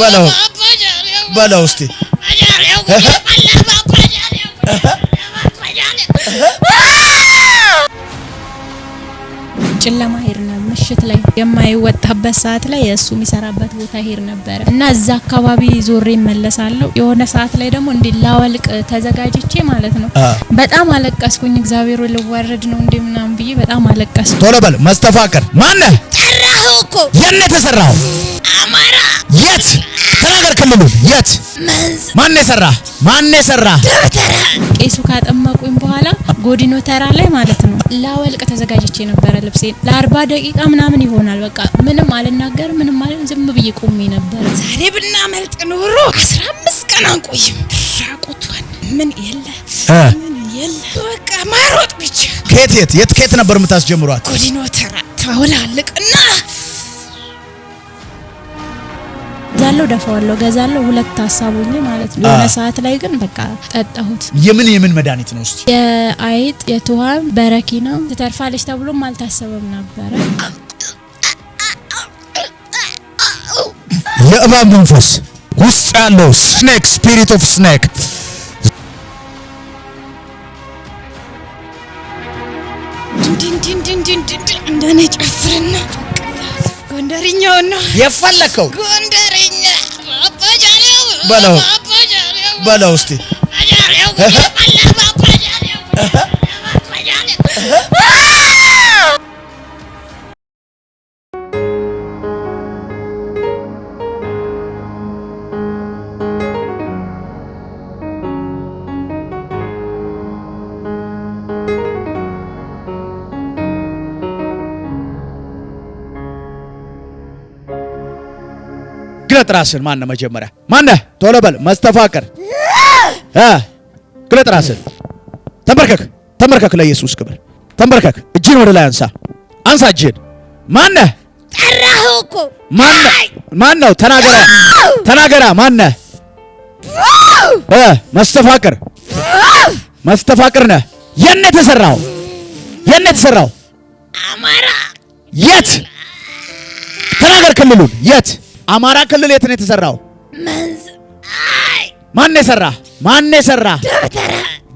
በለው በለው እስቲ ጨለማ ሄድና ምሽት ላይ የማይወጣበት ሰዓት ላይ እሱ የሚሰራበት ቦታ ሄድ ነበረ እና እዛ አካባቢ ዞሬ እመለሳለሁ። የሆነ ሰዓት ላይ ደግሞ እንዲ ላወልቅ ተዘጋጅቼ ማለት ነው። በጣም አለቀስኩኝ። እግዚአብሔር ልወረድ ነው እንዴ ምናምን ብዬ በጣም አለቀስኩ። ቶሎ በል መስተፋቅር ማነህ? ሰራሁ እኮ የት ነው የት በአፋር ክልል የት ማን የሰራ ማን የሰራ ቄሱ ካጠመቁኝ በኋላ ጎዲኖ ተራ ላይ ማለት ነው ላወልቅ ተዘጋጀች የነበረ ልብሴን ለአርባ ደቂቃ ምናምን ይሆናል። በቃ ምንም አልናገር ምንም አለ ዝም ብዬ ቆሜ ነበር። ዛሬ ብናመልጥ ኑሮ አስራ አምስት ቀን አንቆይም። ራቁቷን ምን የለ ምን የለ በቃ ማሮጥ ብቻ። ከየት የት የት ከየት ነበር የምታስጀምሯት? ጎዲኖ ተራ ታውላልቅና ገዛለሁ፣ ደፋዋለሁ፣ ገዛለሁ ሁለት ሀሳቡኝ ማለት ነው። የሆነ ሰዓት ላይ ግን በቃ ጠጣሁት። የምን የምን መድኃኒት ነው እስቲ? የአይጥ የትኋን በረኪ ነው። ትተርፋለች ተብሎም አልታሰበም ነበረ። የእባብ መንፈስ ውስጥ ያለው ስኔክ ስፒሪት ኦፍ ስኔክ እንደኔ ጨፍርና ጎንደርኛው ነው የፈለከው bana bana hosti ግለጥ ራስን። ማን ነው መጀመሪያ? ማን ነህ? ቶሎ በል። መስተፋቅር እ ግለጥ ራስን። ተንበርከክ፣ ተንበርከክ፣ ለኢየሱስ ክብር ተንበርከክ። እጅን ወደ ላይ አንሳ፣ አንሳ እጅን። ማን ነህ? ጠራሁ እኮ። ማን ነው? ተናገራ፣ ተናገራ። ማን ነህ? እ መስተፋቅር፣ መስተፋቅር ነህ። የት ነው የተሰራው? የት ነው የተሰራው? አማራ። የት? ተናገር ክልሉን። የት አማራ ክልል የት ነው የተሰራው? መንዝ። አይ ማን ነው የሰራ? ማን ነው የሰራ?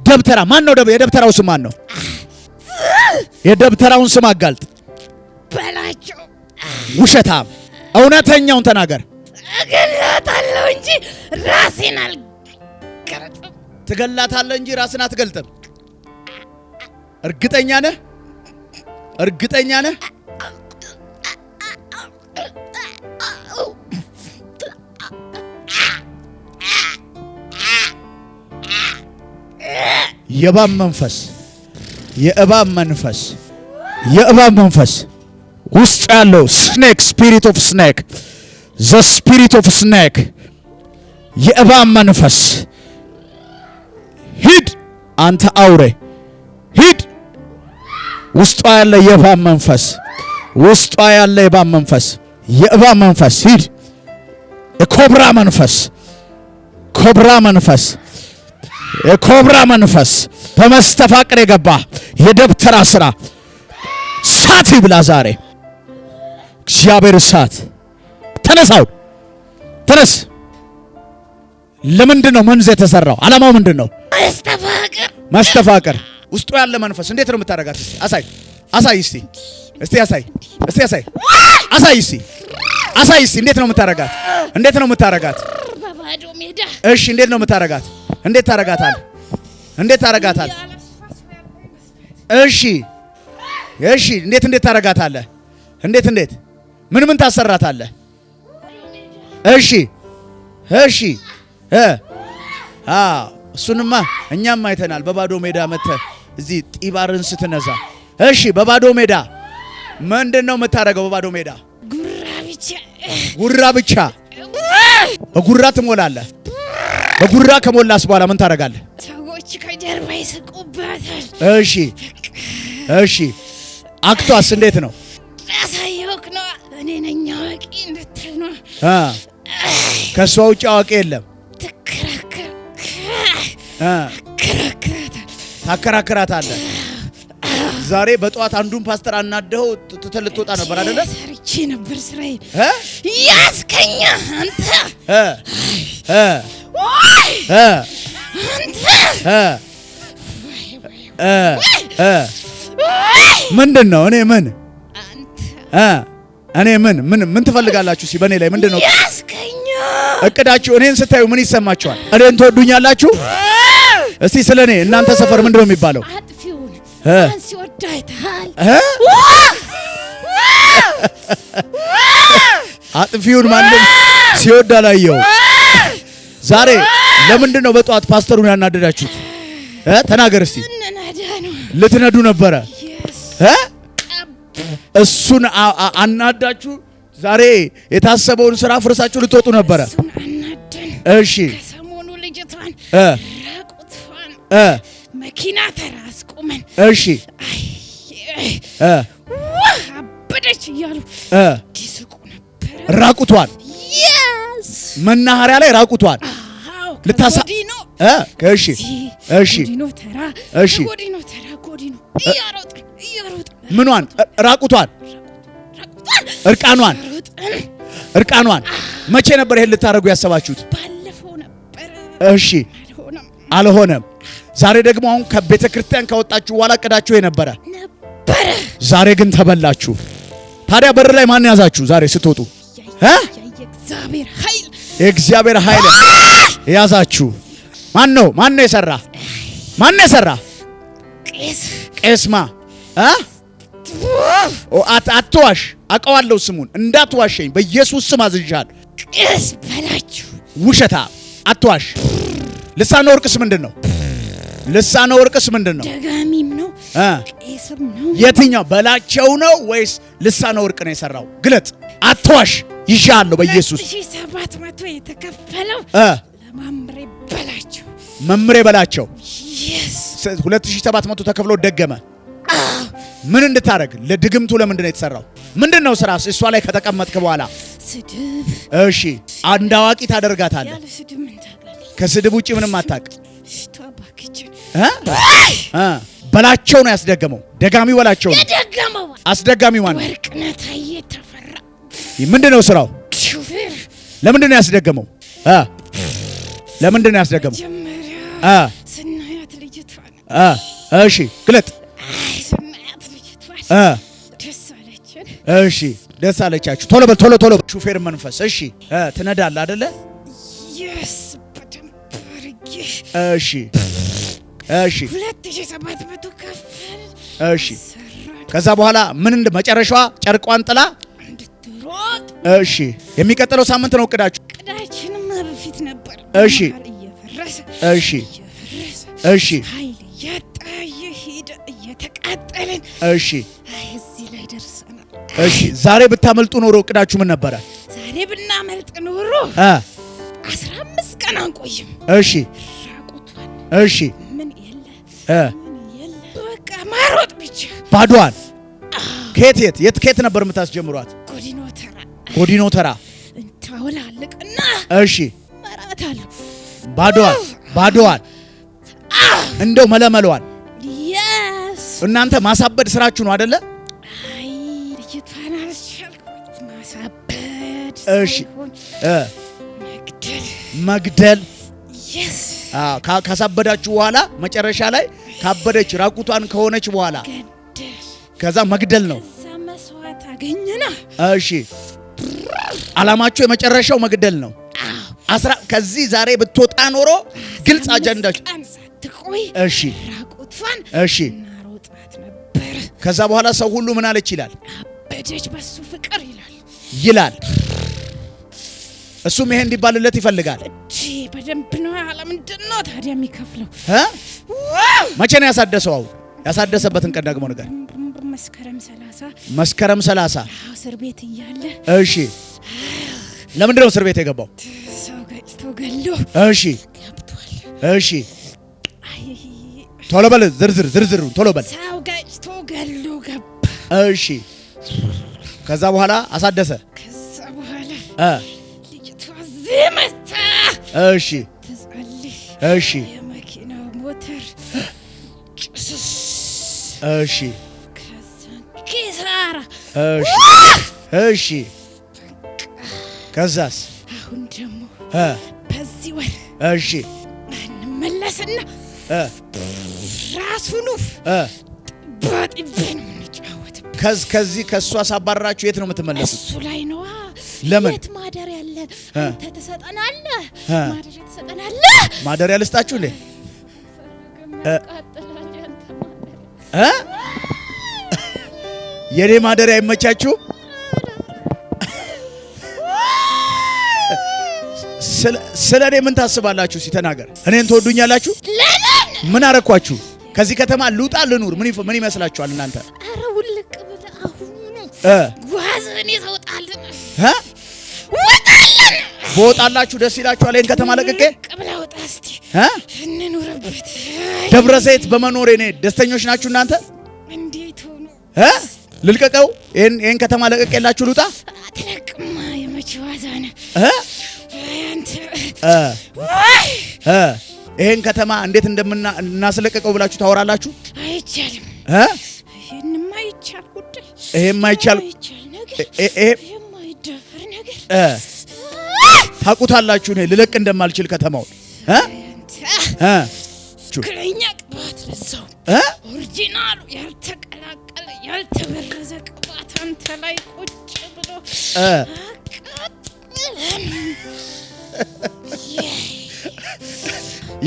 ደብተራ ማን ነው? የደብተራው ስም ማን ነው? የደብተራውን ስም አጋልጥ በላቸው። ውሸታም እውነተኛውን ተናገር። እገላታለሁ እንጂ ራሴን አልገልጥም። ትገላታለህ እንጂ ራስን አትገልጥም። እርግጠኛ ነህ? እርግጠኛ ነህ? የእባብ መንፈስ የእባብ መንፈስ የእባብ መንፈስ ውስጥ ያለው ስኔክ ስፒሪት ኦፍ ስኔክ ዘ ስፒሪት ኦፍ ስኔክ የእባብ መንፈስ ሂድ፣ አንተ አውሬ ሂድ። ውስጧ ያለ የእባብ መንፈስ ውስጧ ያለ የእባብ መንፈስ የእባብ መንፈስ ሂድ። የኮብራ መንፈስ ኮብራ መንፈስ የኮብራ መንፈስ በመስተፋቅር የገባ የደብተራ ስራ ሳት ይብላ ዛሬ እግዚአብሔር እሳት ተነሳው ተነስ። ለምንድን ነው መንዝ የተሰራው? አላማው ምንድን ነው? መስተፋቅር ውስጡ ያለ መንፈስ እንዴት ነው የምታደርጋት? አሳይ አሳይ እስቲ እስቲ አሳይ እስቲ አሳይ አሳይ እስቲ አሳይ እስቲ እንዴት ነው የምታደርጋት? እንዴት ነው የምታደርጋት? ባዶ ሜዳ። እሺ፣ እንዴት ነው የምታረጋት? እንዴት ታረጋታል? እንዴት ታረጋታል? እሺ፣ እሺ፣ እንዴት እንዴት ታረጋታለ? እንዴት እንዴት ምን ምን ታሰራታለህ? እሺ፣ እሺ፣ አዎ፣ እሱንማ እኛም አይተናል። በባዶ ሜዳ መተህ እዚህ ጢባርን ስትነዛ። እሺ፣ በባዶ ሜዳ ምንድን ነው የምታረገው? በባዶ ሜዳ ጉራ ብቻ ጉራ ብቻ በጉራ ትሞላለህ። በጉራ ከሞላስ በኋላ ምን ታደርጋለህ? ሰዎች ከጀርባ ይስቁበታል። እሺ፣ እሺ። አክቷስ እንዴት ነው? ያሳየውክ ነው። እኔ ነኝ አዋቂ እንድትል ነው። ከእሷ ውጭ አዋቂ የለም። ታከራክራታለህ። ዛሬ በጠዋት አንዱን ፓስተር አናደኸው ትተህ ልትወጣ ነበር አይደለ? አጥቼ ነበር ስራዬ ያስከኛ አንተ ምንድን ነው? እኔ ምን እኔ ምን ምን ምን ትፈልጋላችሁ? ሲ በእኔ ላይ ምንድን ነው እቅዳችሁ? እኔን ስታዩ ምን ይሰማችኋል? እኔን ትወዱኛላችሁ? እስቲ ስለ እኔ እናንተ ሰፈር ምንድን ነው የሚባለው? አጥፊውን ማንም ሲወድ አላየው። ዛሬ ለምንድን ነው በጠዋት ፓስተሩን ያናደዳችሁት? ተናገር እስቲ። ልትነዱ ነበረ። እሱን አናዳችሁ ዛሬ የታሰበውን ስራ ፍርሳችሁ ልትወጡ ነበረ። እሺ ከሰሞኑ ልጅቷን ራቁቷን መኪና ተራ አስቁመን እሺ ከበደች እያሉ ዲስቁ ነበር። ራቁቷል መናኸሪያ ላይ ራቁቷል ልታሳ እሺ እሺ እሺ ምኗን ራቁቷን እርቃኗን እርቃኗን መቼ ነበር ይሄን ልታደርጉ ያሰባችሁት? እሺ አልሆነም። ዛሬ ደግሞ አሁን ከቤተ ክርስቲያን ካወጣችሁ በኋላ ቅዳችሁ የነበረ ዛሬ ግን ተበላችሁ። ታዲያ በር ላይ ማን ያዛችሁ? ዛሬ ስትወጡ የእግዚአብሔር ኃይል ያዛችሁ። ማን ነው? ማን ነው የሰራ? ማን ነው የሰራ? ቄስማ አትዋሽ። አውቀዋለሁ ስሙን። እንዳትዋሸኝ በኢየሱስ ስም አዝዣለሁ። ቄስ በላችሁ ውሸታ፣ አትዋሽ። ልሳነ ወርቅስ ምንድን ነው? ልሳነ ወርቅስ ምንድን ነው? ደጋሚም ነው የትኛው በላቸው ነው ወይስ ልሳነ ወርቅ ነው የሰራው? ግለጥ፣ አትዋሽ። ይሻል ነው በኢየሱስ ሰባት መቶ የተከፈለው ለመምሬ በላቸው መምሬ በላቸው 2700 ተከፍሎ ደገመ። ምን እንድታደረግ ለድግምቱ ለምንድን ነው የተሰራው? ምንድን ነው ስራ እሷ ላይ ከተቀመጥክ በኋላ? እሺ አንድ አዋቂ ታደርጋታለህ። ከስድብ ውጭ ምንም አታውቅ። በላቸው ነው ያስደገመው። ደጋሚ በላቸው ነው ያደገመው። አስደጋሚው ማን? ወርቅነህ ታዬ ተፈራ። ምንድን ነው ስራው? ሹፌር። ለምንድን ነው ያስደገመው? አ ለምንድን ነው ያስደገመው? አ ስናያት ልጅቷ አ እሺ፣ ግለጥ። አይ ስናያት ልጅቷ አ ደስ አለችን። እሺ፣ ደስ አለቻችሁ። ቶሎ በል ቶሎ ቶሎ። ሹፌር መንፈስ። እሺ፣ ትነዳለህ አይደለ? እሺ እሺ፣ ከፍል እሺ። ከዛ በኋላ ምን እንደ መጨረሻዋ ጨርቋን ጥላ እንድትሮጥ። እሺ፣ የሚቀጥለው ሳምንት ነው እቅዳችሁ። እቅዳችንማ በፊት ነበር። እሺ፣ እሺ፣ እሺ። ኃይል እያጣ እየሄደ እየተቃጠልን። እሺ፣ እዚህ ላይ ደርሰናል። እሺ፣ ዛሬ ብታመልጡ ኖሮ እቅዳችሁ ምን ነበረ? ዛሬ ብናመልጥ ኖሮ አስራ አምስት ቀን አንቆይም። እሺ፣ እሺ ማሮጥ ብቻ ባዶዋን። ከየት የት የት ከየት ነበር የምታስጀምሯት? ጎዲኖ ተራ ጎዲኖ ተራ እሺ፣ እንደው እናንተ ማሳበድ ስራችሁ ነው አይደለ? እሺ መግደል ካሳበዳችሁ በኋላ መጨረሻ ላይ ካበደች ራቁቷን ከሆነች በኋላ ከዛ መግደል ነው። እሺ አላማቸው የመጨረሻው መግደል ነው። አስራ ከዚህ ዛሬ ብትወጣ ኖሮ ግልጽ አጀንዳች። እሺ እሺ። ከዛ በኋላ ሰው ሁሉ ምን አለች ይላል ይላል እሱም ይሄ እንዲባልለት ይፈልጋል። እቺ በደንብ ነው ያለ። ምንድን ነው ታዲያ የሚከፍለው? መቼ ነው ያሳደሰው? አሁን ያሳደሰበትን ቀን ደግሞ ነገር መስከረም 30 መስከረም 30 እስር ቤት እያለ እሺ። ለምንድን ነው እስር ቤት የገባው? እሺ እሺ፣ ቶሎ በል ዝርዝር ዝርዝሩ ቶሎ በል። ሰው ገጭቶ ገሎ ገባ። እሺ፣ ከዛ በኋላ አሳደሰ። ከዛ በኋላ እሺ፣ እሺ፣ የመኪናው ሞተር እሺ፣ ኪሳራ። እሺ፣ እሺ። ከዛስ? አሁን ደግሞ በዚህ ወር እሺ፣ እንመለስና ራሱኑ ጥባጢቤ ነው የምንጫወት። ከዚህ ከእሷ ሳባራችሁ የት ነው የምትመለሱት? እሱ ላይ ነዋ። ለምን የት ማደር ያለ አንተ ትሰጠናል ማደሪያ ልስታችሁ ልስጣችሁ የኔ ማደሪያ አይመቻችሁ። ስለ እኔ ምን ታስባላችሁ? ሲተናገር እኔን ትወዱኛላችሁ? ምን አረኳችሁ? ከዚህ ከተማ ልውጣ ልኑር? ምን ምን ይመስላችኋል እናንተ? ኧረ ውልቅ ብለህ አሁን ጓዝ እኔ ሰውጣለሁ በወጣላችሁ ደስ ይላችኋል። ይሄን ከተማ ለቅቄ ደብረ ዘይት በመኖር እኔ ደስተኞች ናችሁ እናንተ? ልልቀቀው? ይሄን ከተማ ለቅቄ የላችሁ ልውጣ? ይሄን ከተማ እንዴት እንደምናስለቀቀው ብላችሁ ታወራላችሁ። አይቻልም። ይሄ የማይቻል ጉዳይ፣ ይሄ የማይደፈር ነገር ታቁታላችሁ። ነው ልለቅ እንደማልችል ከተማውን ትክክለኛ ቅባት ረሳው። ኦሪጂናሉ ያልተቀላቀለ ያልተበረዘ ቅባት አንተ ላይ ቁጭ ብሎ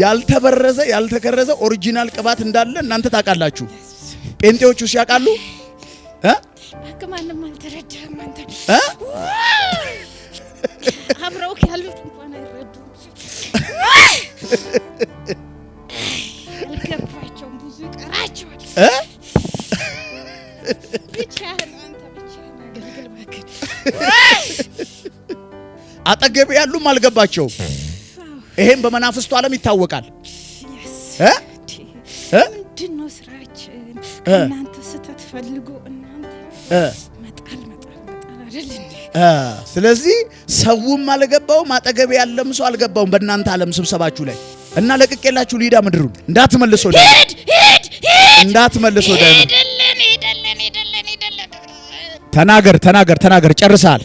ያልተበረዘ ያልተከረዘ ኦሪጂናል ቅባት እንዳለ እናንተ ታውቃላችሁ። ጴንጤዎቹ ሲያውቃሉ እ ማንም አልተረዳህም አንተ አብረው ያሉት እንኳን አይረዱም። አልገባቸውም። ብዙ ይቀራቸዋል። ብቻህን አንተ ብቻህን አገልግል እባክህ። አጠገቤ ያሉም አልገባቸውም። ይሄም በመናፍስቱ ዓለም ይታወቃል። ምንድን ነው ስራችን? እናንተ ስተት ፈልጎ እናንተ ስለዚህ ሰውም አልገባውም፣ አጠገብ ያለም ሰው አልገባውም። በእናንተ ዓለም ስብሰባችሁ ላይ እና ለቅቄላችሁ ሊዳ ምድሩን እንዳትመልሶ እንዳትመልሶ ተናገር ተናገር ተናገር። ጨርሳል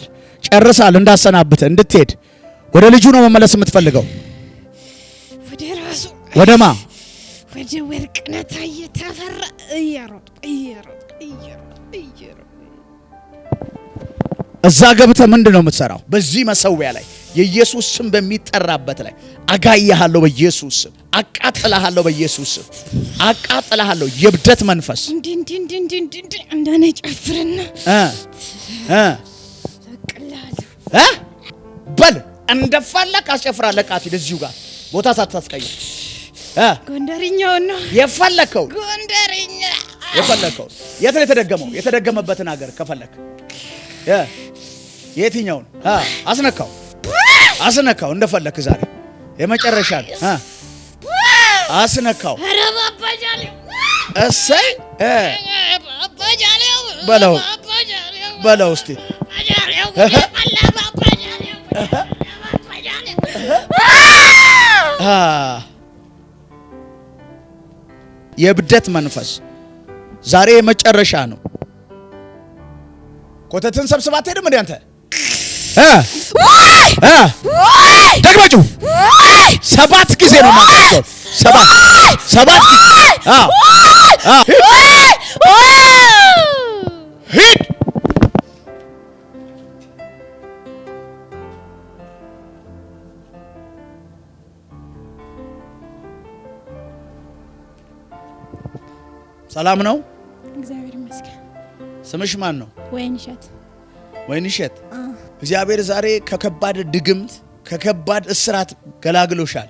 ጨርሳል። እንዳሰናብት እንድትሄድ ወደ ልጁ ነው መመለስ የምትፈልገው። ወደ ራሱ ወደማ ወደ እየተፈራ እየሮጥ እየሮጥ እየሮጥ እዛ ገብተ ምንድን ነው የምትሰራው? በዚህ መሰዊያ ላይ የኢየሱስ ስም በሚጠራበት ላይ አጋያሃለሁ፣ በኢየሱስ ስም አቃጥልሃለሁ፣ በኢየሱስ ስም አቃጥልሃለሁ። የብደት መንፈስ እንዳነ ጨፍርና በል እንደፈለክ አስጨፍራለ። ቃፊል እዚሁ ጋር ቦታ ሳታስቀይር ጎንደርኛው ነው የፈለከው። ጎንደርኛ የፈለከው የት ነው የተደገመው? የተደገመበትን ሀገር ከፈለክ የትኛውን አስነካው አስነካው እንደፈለክ ዛሬ የመጨረሻ አስነካው። እሰይ በለው በለው እስቲ የብደት መንፈስ ዛሬ የመጨረሻ ነው። ኮተትን ሰብስባት አትሄድም እንዴ አንተ ደግማችሁ ሰባት ጊዜ ነው ማለው። ሰባት ሰባት ሂድ ሰላም ነው። እግዚአብሔር ይመስገን። ስምሽ ማን ነው? ወይንሸት። ወይንሸት እግዚአብሔር ዛሬ ከከባድ ድግምት ከከባድ እስራት ገላግሎሻል።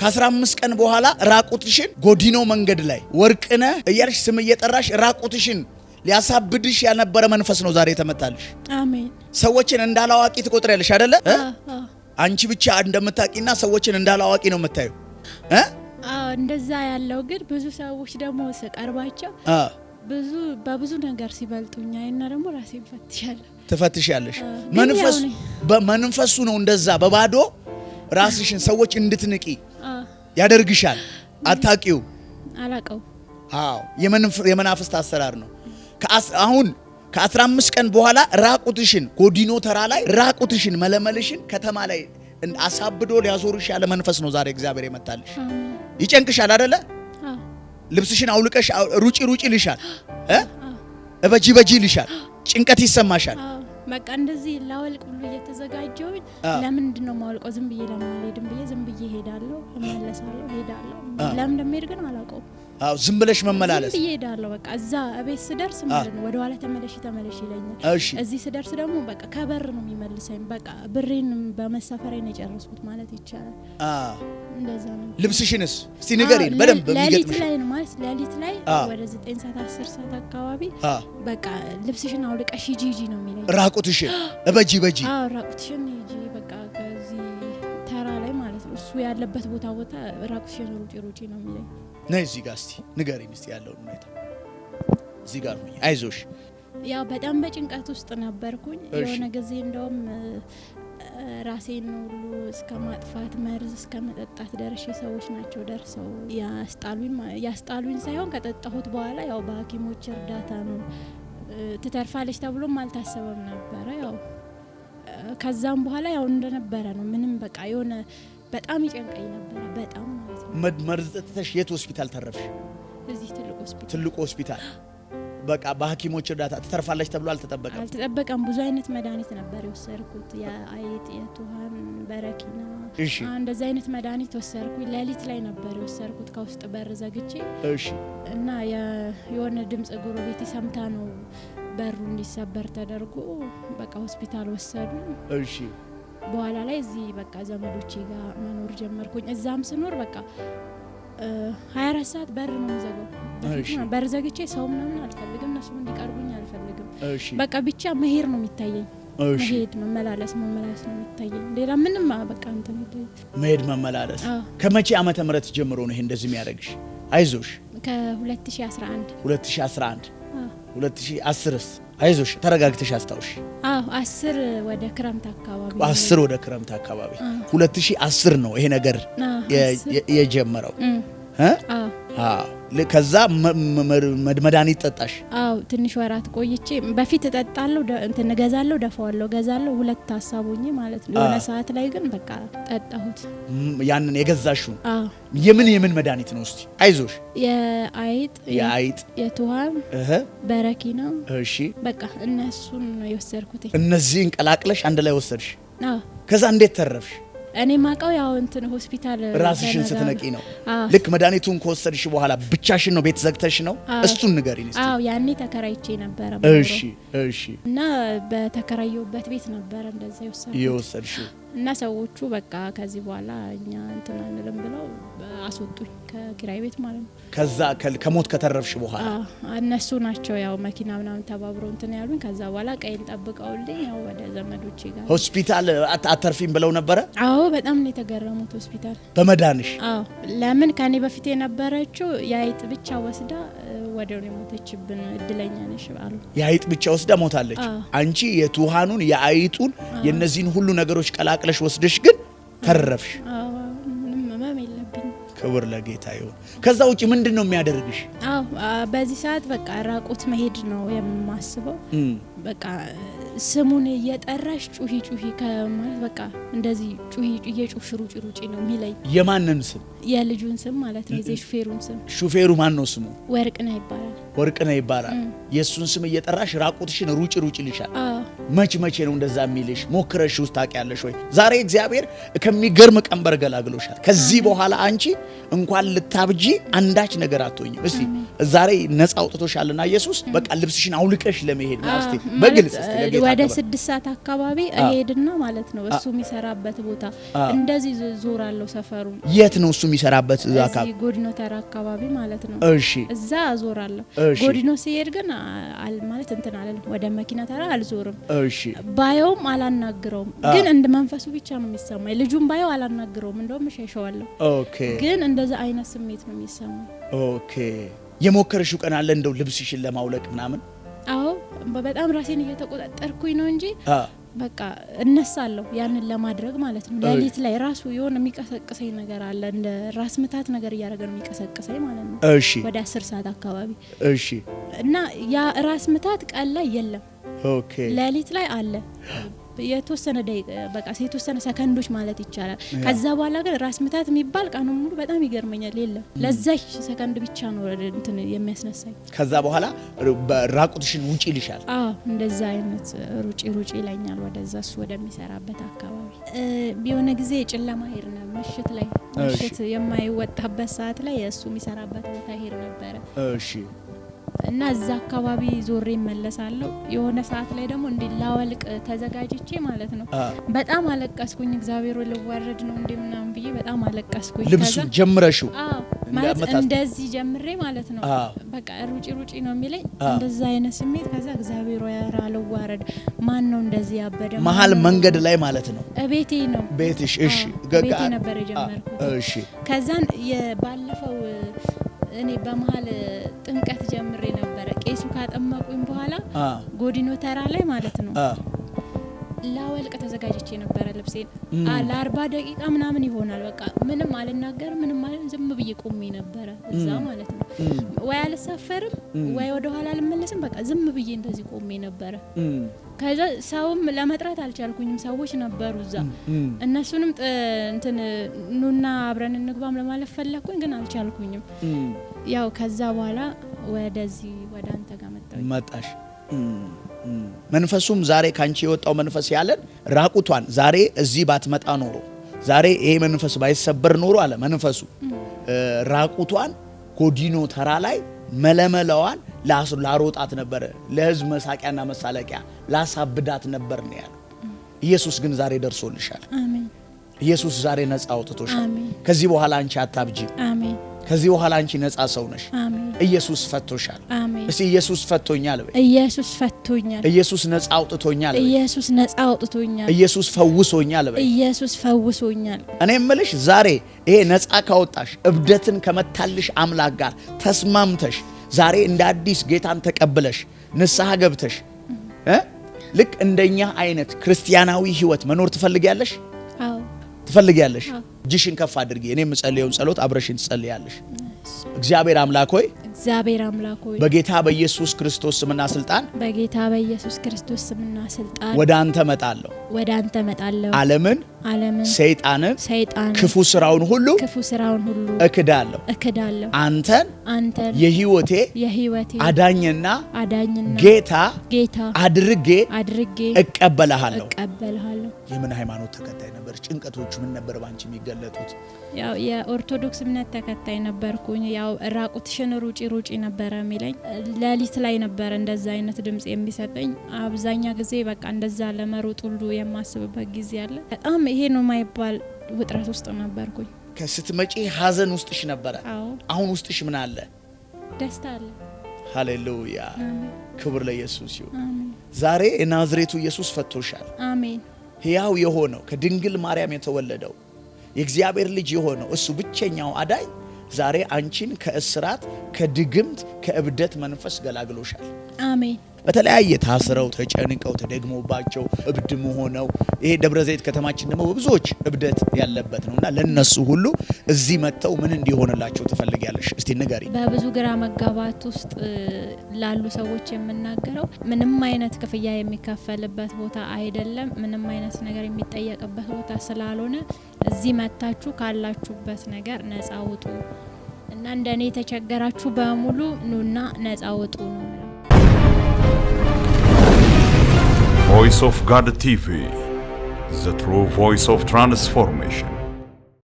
ከአስራ አምስት ቀን በኋላ ራቁትሽን ጎዲኖ መንገድ ላይ ወርቅነ እያልሽ ስም እየጠራሽ ራቁትሽን ሊያሳብድሽ ያልነበረ መንፈስ ነው ዛሬ ተመታልሽ። ሰዎችን እንዳላዋቂ ያለሽ አደለ? አንቺ ብቻ እንደምታቂና ሰዎችን እንዳላዋቂ ነው የምታዩ። እንደዛ ያለው ግን ብዙ ሰዎች ደግሞ ስቀርባቸው ብዙ በብዙ ነገር ሲበልጡኛ እና ደግሞ ራሴ ፈትሻለሁ ትፈትሻለሽ። መንፈስ በመንፈሱ ነው እንደዛ በባዶ ራስሽን ሰዎች እንድትንቂ ያደርግሻል። አታቂው አላቀው። አዎ የመናፍስት አሰራር ነው። አሁን ከ15 ቀን በኋላ ራቁትሽን ጎዲኖ ተራ ላይ ራቁትሽን መለመልሽን ከተማ ላይ አሳብዶ ሊያዞርሽ ያለ መንፈስ ነው ዛሬ እግዚአብሔር የመታልሽ። ይጨንቅሻል አደለ? ልብስሽን አውልቀሽ ሩጪ ሩጪ ልሻል፣ እበጂ በጂ ልሻል፣ ጭንቀት ይሰማሻል። በቃ እንደዚህ ላወልቅ ብሎ እየተዘጋጀው ለምንድን ነው ማወልቀው? ዝም ብዬ ለማልሄድም ብዬ ዝም ብዬ ሄዳለሁ፣ እመለሳለሁ፣ ሄዳለሁ። ለምን እንደሚሄድ ግን አላውቀውም። አዎ ዝም ብለሽ መመላለስ ዝም ብዬ በቃ እዛ እቤት ስደርስ ማለት ነው ወደ ኋላ ተመለሽ ተመለሽ ይለኛል። እሺ እዚህ ስደርስ ደግሞ በቃ ከበር ነው የሚመልሰኝ። በቃ ብሬን በመሳፈሬ ነው የጨረስኩት ማለት ይቻላል። እንደዛ ነው። ልብስሽንስ እስቲ ንገሪን በደንብ ሌሊት ላይ ነው ማለት ሌሊት ላይ ወደ 9 ሰዓት 10 ሰዓት አካባቢ በቃ ልብስሽን አውልቀሽ ሂጂ ሂጂ ነው የሚለኝ። ራቁትሽን በጂ በጂ አዎ ራቁትሽን ሂጂ እሱ ያለበት ቦታ ቦታ ራቁ ሮጬ ሮጬ ነው የሚለኝ። ነይ እዚህ ጋር እስቲ ንገሪኝ እስቲ ያለውን ሁኔታ እዚህ ጋር ሁኝ። አይዞሽ። ያው በጣም በጭንቀት ውስጥ ነበርኩኝ። የሆነ ጊዜ እንደውም ራሴን ሁሉ እስከ ማጥፋት መርዝ እስከ መጠጣት ደርሼ ሰዎች ናቸው ደርሰው ያስጣሉኝ ሳይሆን ከጠጣሁት በኋላ ያው በሐኪሞች እርዳታ ነው ትተርፋለች ተብሎም አልታሰበም ነበረ። ያው ከዛም በኋላ ያው እንደነበረ ነው ምንም በቃ የሆነ በጣም ይጨንቀኝ ነበረ። በጣም ማለት ነው። መርዝ ጠጥተሽ የት ሆስፒታል ተረፍሽ? እዚህ ትልቁ ሆስፒታል ትልቁ ሆስፒታል በቃ በሐኪሞች እርዳታ ትተርፋለች ተብሎ አልተጠበቀም አልተጠበቀም። ብዙ አይነት መድኃኒት ነበር የወሰድኩት፣ የአይጥ፣ የቱሃን፣ በረኪና እሺ፣ እንደዚ አይነት መድኃኒት ወሰድኩኝ። ሌሊት ላይ ነበር የወሰድኩት ከውስጥ በር ዘግቼ። እሺ። እና የሆነ ድምፅ ጎረቤት ሰምታ ነው በሩ እንዲሰበር ተደርጎ በቃ ሆስፒታል ወሰዱ። እሺ በኋላ ላይ እዚህ በቃ ዘመዶቼ ጋር መኖር ጀመርኩኝ። እዛም ስኖር በቃ ሀያ አራት ሰዓት በር ነው ዘገው በር ዘግቼ ሰው ምናምን አልፈልግም፣ እነሱም እንዲቀርቡኝ አልፈልግም። በቃ ብቻ መሄድ ነው የሚታየኝ መሄድ መመላለስ መመላለስ ነው የሚታየኝ። ሌላ ምንም በቃ እንትን መሄድ መመላለስ። ከመቼ ዓመተ ምህረት ጀምሮ ነው ይሄ እንደዚህ የሚያደርግሽ? አይዞሽ ከ2011 2011 2010ስ አይዞሽ ተረጋግተሽ አስታውሽ። አዎ አስር ወደ ክረምት አካባቢ አስር ወደ ክረምት አካባቢ ሁለት ሺህ አስር ነው ይሄ ነገር የጀመረው። አዎ ከዛ መድኃኒት ጠጣሽ? አዎ ትንሽ ወራት ቆይቼ በፊት እጠጣለሁ፣ እንትን እገዛለሁ፣ ደፋዋለሁ፣ እገዛለሁ ሁለት ሀሳቡኝ ማለት ነው። የሆነ ሰዓት ላይ ግን በቃ ጠጣሁት። ያንን የገዛሽው የምን የምን መድኃኒት ነው? እስቲ አይዞሽ። የአይጥ የአይጥ በረኪ ነው። እሺ በቃ እነሱን ነው የወሰድኩት። እነዚህን ቀላቅለሽ አንድ ላይ ወሰድሽ? ከዛ እንዴት ተረፍሽ? እኔ ማቀው ያው እንትን ሆስፒታል ራስሽን ስትነቂ ነው። ልክ መድኃኒቱን ከወሰድሽ በኋላ ብቻሽን ነው ቤት ዘግተሽ ነው? እሱን ንገሪኝ እስኪ። አዎ ያኔ ተከራይቼ ነበረ። እሺ እሺ። እና በተከራየውበት ቤት ነበረ እንደዛ የወሰድሽው እና ሰዎቹ በቃ ከዚህ በኋላ እኛ እንትን አንልም ብለው አስወጡኝ ከኪራይ ቤት ማለት ነው። ከዛ ከሞት ከተረፍሽ በኋላ እነሱ ናቸው ያው መኪና ምናምን ተባብረው እንትን ያሉኝ። ከዛ በኋላ ቀይን ጠብቀውልኝ ያው ወደ ዘመዶቼ ጋር ሆስፒታል አተርፊም ብለው ነበረ። አዎ በጣም ነው የተገረሙት ሆስፒታል በመዳንሽ። አዎ ለምን ከኔ በፊት የነበረችው የአይጥ ብቻ ወስዳ ወደ ሞተችብን እድለኛ ነሽ አሉ። የአይጥ ብቻ ወስዳ ሞታለች። አንቺ የትኋኑን የአይጡን የእነዚህን ሁሉ ነገሮች ቀላቅለሽ ወስደሽ ግን ተረፍሽ። ክብር ለጌታ ይሁን። ከዛ ውጭ ምንድን ነው የሚያደርግሽ? አዎ በዚህ ሰዓት በቃ ራቁት መሄድ ነው የማስበው በቃ ስሙን እየጠራሽ ጩሂ ጩሂ ከማለት በቃ እንደዚህ ጩሂ እየጩሽ ሩጭ ሩጭ ነው የሚለኝ። የማንን ስም? የልጁን ስም ማለት ነው። የዚህ ሹፌሩን ስም። ሹፌሩ ማን ነው ስሙ? ወርቅነህ ይባላል። ወርቅነህ ይባላል። የእሱን ስም እየጠራሽ ራቁትሽን ሩጭ ሩጪ ልሻል መች መቼ ነው እንደዛ የሚልሽ? ሞክረሽ ውስጥ ታውቂያለሽ ወይ? ዛሬ እግዚአብሔር ከሚገርም ቀንበር ገላግሎሻል። ከዚህ በኋላ አንቺ እንኳን ልታብጂ አንዳች ነገር አትሆኝም። እስቲ ዛሬ ነፃ አውጥቶሻልና ኢየሱስ በቃ ልብስሽን አውልቀሽ ለመሄድ ነው። እስቲ በግልጽ እስቲ ወደ ስድስት ሰዓት አካባቢ እሄድና ማለት ነው እሱ የሚሰራበት ቦታ እንደዚህ ዞር አለው ሰፈሩ። የት ነው እሱ የሚሰራበት አካባቢ? ጎድኖ ተራ አካባቢ ማለት ነው። እሺ እዛ ዞር አለው። ጎድኖ ሲሄድ ግን ማለት እንትን አለ ወደ መኪና ተራ አልዞርም ባየውም አላናግረውም፣ ግን እንደ መንፈሱ ብቻ ነው የሚሰማኝ። ልጁም ባየው አላናግረውም፣ እንደውም እሸሸዋለሁ። ግን እንደዛ አይነት ስሜት ነው የሚሰማኝ። ኦኬ የሞከርሽው ቀን አለ እንደው ልብስሽን ለማውለቅ ምናምን? አዎ በጣም ራሴን እየተቆጣጠርኩኝ ነው እንጂ በቃ እነሳለሁ ያንን ለማድረግ ማለት ነው። ሌሊት ላይ ራሱ የሆነ የሚቀሰቅሰኝ ነገር አለ፣ እንደ ራስ ምታት ነገር እያደረገ ነው የሚቀሰቅሰኝ ማለት ነው። እሺ ወደ አስር ሰዓት አካባቢ እሺ። እና ያ ራስ ምታት ቀን ላይ የለም፣ ኦኬ ሌሊት ላይ አለ። የተወሰነ በቃ የተወሰነ ሰከንዶች ማለት ይቻላል። ከዛ በኋላ ግን ራስ ምታት የሚባል ቀኑ ሙሉ በጣም ይገርመኛል የለም። ለዛች ሰከንድ ብቻ ነው እንትን የሚያስነሳኝ። ከዛ በኋላ ራቁትሽን ውጪ ልሻል። እንደዛ አይነት ሩጪ ሩጪ ይለኛል። ወደዛ እሱ ወደሚሰራበት አካባቢ የሆነ ጊዜ ጨለማ ሄድ ነው ምሽት ላይ ምሽት የማይወጣበት ሰዓት ላይ እሱ የሚሰራበት ቦታ ሄድ ነበረ። እሺ እና እዛ አካባቢ ዞሬ መለሳለሁ የሆነ ሰዓት ላይ ደግሞ እንዲ ላወልቅ ተዘጋጅቼ ማለት ነው በጣም አለቀስኩኝ። እግዚአብሔር ልዋረድ ነው እንዲ ምናምን ብዬ በጣም አለቀስኩኝ። ልብሱ ጀምረሹ ማለት እንደዚህ ጀምሬ ማለት ነው በቃ ሩጪ ሩጪ ነው የሚለኝ እንደዛ አይነት ስሜት። ከዛ እግዚአብሔር ያራ ልዋረድ ማን ነው እንደዚህ ያበደ መሀል መንገድ ላይ ማለት ነው ቤቴ ነው ቤትሽ። እሺ ቤቴ ነበር የጀመርኩት። እሺ ከዛን ባለፈው እኔ በመሀል ጥምቀት ጀምሬ ነበረ ቄሱ ካጠመቁኝ በኋላ ጎዲኖ ተራ ላይ ማለት ነው ላወልቅ ተዘጋጀች የነበረ ልብሴን ለአርባ ደቂቃ ምናምን ይሆናል። በቃ ምንም አልናገር ምንም አለ ዝም ብዬ ቆሜ ነበረ እዛ ማለት ነው። ወይ አልሳፈርም ወይ ወደ ኋላ አልመለስም። በቃ ዝም ብዬ እንደዚህ ቆሜ ነበረ። ከዛ ሰውም ለመጥራት አልቻልኩኝም። ሰዎች ነበሩ እዛ። እነሱንም እንትን ኑና አብረን እንግባም ለማለት ፈለግኩኝ፣ ግን አልቻልኩኝም። ያው ከዛ በኋላ ወደዚህ ወደ አንተ ጋር መጣሁ መጣሽ መንፈሱም ዛሬ ካንቺ የወጣው መንፈስ ያለን ራቁቷን ዛሬ እዚህ ባትመጣ ኖሮ ዛሬ ይሄ መንፈስ ባይሰበር ኖሮ አለ መንፈሱ ራቁቷን ጎዲኖ ተራ ላይ መለመለዋን ላሮጣት ነበረ፣ ለህዝብ መሳቂያና መሳለቂያ ላሳብዳት ነበር ነው ያለው። ኢየሱስ ግን ዛሬ ደርሶልሻል። ኢየሱስ ዛሬ ነፃ አውጥቶሻል። ከዚህ በኋላ አንቺ አታብጂ። ከዚህ በኋላ አንቺ ነፃ ሰው ነሽ። ኢየሱስ ፈቶሻል። እስቲ ኢየሱስ ፈቶኛል በይ። ኢየሱስ ፈቶኛል። ኢየሱስ ነፃ አውጥቶኛል በይ። ኢየሱስ ነፃ አውጥቶኛል። ኢየሱስ ፈውሶኛል በይ። ኢየሱስ ፈውሶኛል። እኔ እምልሽ ዛሬ ይሄ ነፃ ካወጣሽ እብደትን ከመታልሽ አምላክ ጋር ተስማምተሽ ዛሬ እንደ አዲስ ጌታን ተቀብለሽ ንስሐ ገብተሽ ልክ እንደኛ አይነት ክርስቲያናዊ ህይወት መኖር ትፈልጊያለሽ? አዎ ትፈልጊያለሽ። እጅሽን ከፍ አድርጊ። እኔ የምጸልየውን ጸሎት አብረሽን ትጸልያለሽ። እግዚአብሔር አምላክ ሆይ እግዚአብሔር አምላክ ሆይ በጌታ በኢየሱስ ክርስቶስ ስምና ስልጣን በጌታ በኢየሱስ ክርስቶስ ስምና ስልጣን ወደ አንተ መጣለሁ ወደ አንተ መጣለሁ። ዓለምን ዓለምን ሰይጣንን ሰይጣንን ክፉ ስራውን ሁሉ ክፉ ስራውን ሁሉ እክዳለሁ እክዳለሁ። አንተን አንተን የህይወቴ የህይወቴ አዳኝና አዳኝና ጌታ ጌታ አድርጌ አድርጌ እቀበልሃለሁ እቀበልሃለሁ። የምን ሃይማኖት ተከታይ ነበር? ጭንቀቶቹ ምን ነበር ባንቺ የሚገለጡት? ያው የኦርቶዶክስ እምነት ተከታይ ነበርኩኝ። ያው ራቁትሽን ሩጪ ሩጪ ነበረ የሚለኝ። ሌሊት ላይ ነበረ እንደዛ አይነት ድምጽ የሚሰጠኝ። አብዛኛ ጊዜ በቃ እንደዛ ለመሮጥ ሁሉ የማስብበት ጊዜ አለ። በጣም ይሄ ነው የማይባል ውጥረት ውስጥ ነበርኩኝ። ከስትመጪ ሀዘን ውስጥሽ ነበረ። አሁን ውስጥሽ ምን አለ? ደስታ አለ። ሃሌሉያ! ክብር ለኢየሱስ ይሁን። ዛሬ የናዝሬቱ ኢየሱስ ፈቶሻል። አሜን። ሕያው የሆነው ከድንግል ማርያም የተወለደው የእግዚአብሔር ልጅ የሆነው እሱ ብቸኛው አዳኝ ዛሬ አንቺን ከእስራት ከድግምት ከእብደት መንፈስ ገላግሎሻል። አሜን። በተለያየ ታስረው ተጨንቀው ተደግሞባቸው እብድ መሆነው ይሄ ደብረ ዘይት ከተማችን ደግሞ በብዙዎች እብደት ያለበት ነው እና ለነሱ ሁሉ እዚህ መጥተው ምን እንዲሆንላቸው ትፈልጊያለሽ? እስቲ ንገሪ። በብዙ ግራ መጋባት ውስጥ ላሉ ሰዎች የምናገረው ምንም አይነት ክፍያ የሚከፈልበት ቦታ አይደለም። ምንም አይነት ነገር የሚጠየቅበት ቦታ ስላልሆነ እዚህ መታችሁ ካላችሁበት ነገር ነጻ ውጡ እና እንደኔ የተቸገራችሁ በሙሉ ኑና ነጻ ውጡ ነው። Voice of God TV, the true voice of transformation.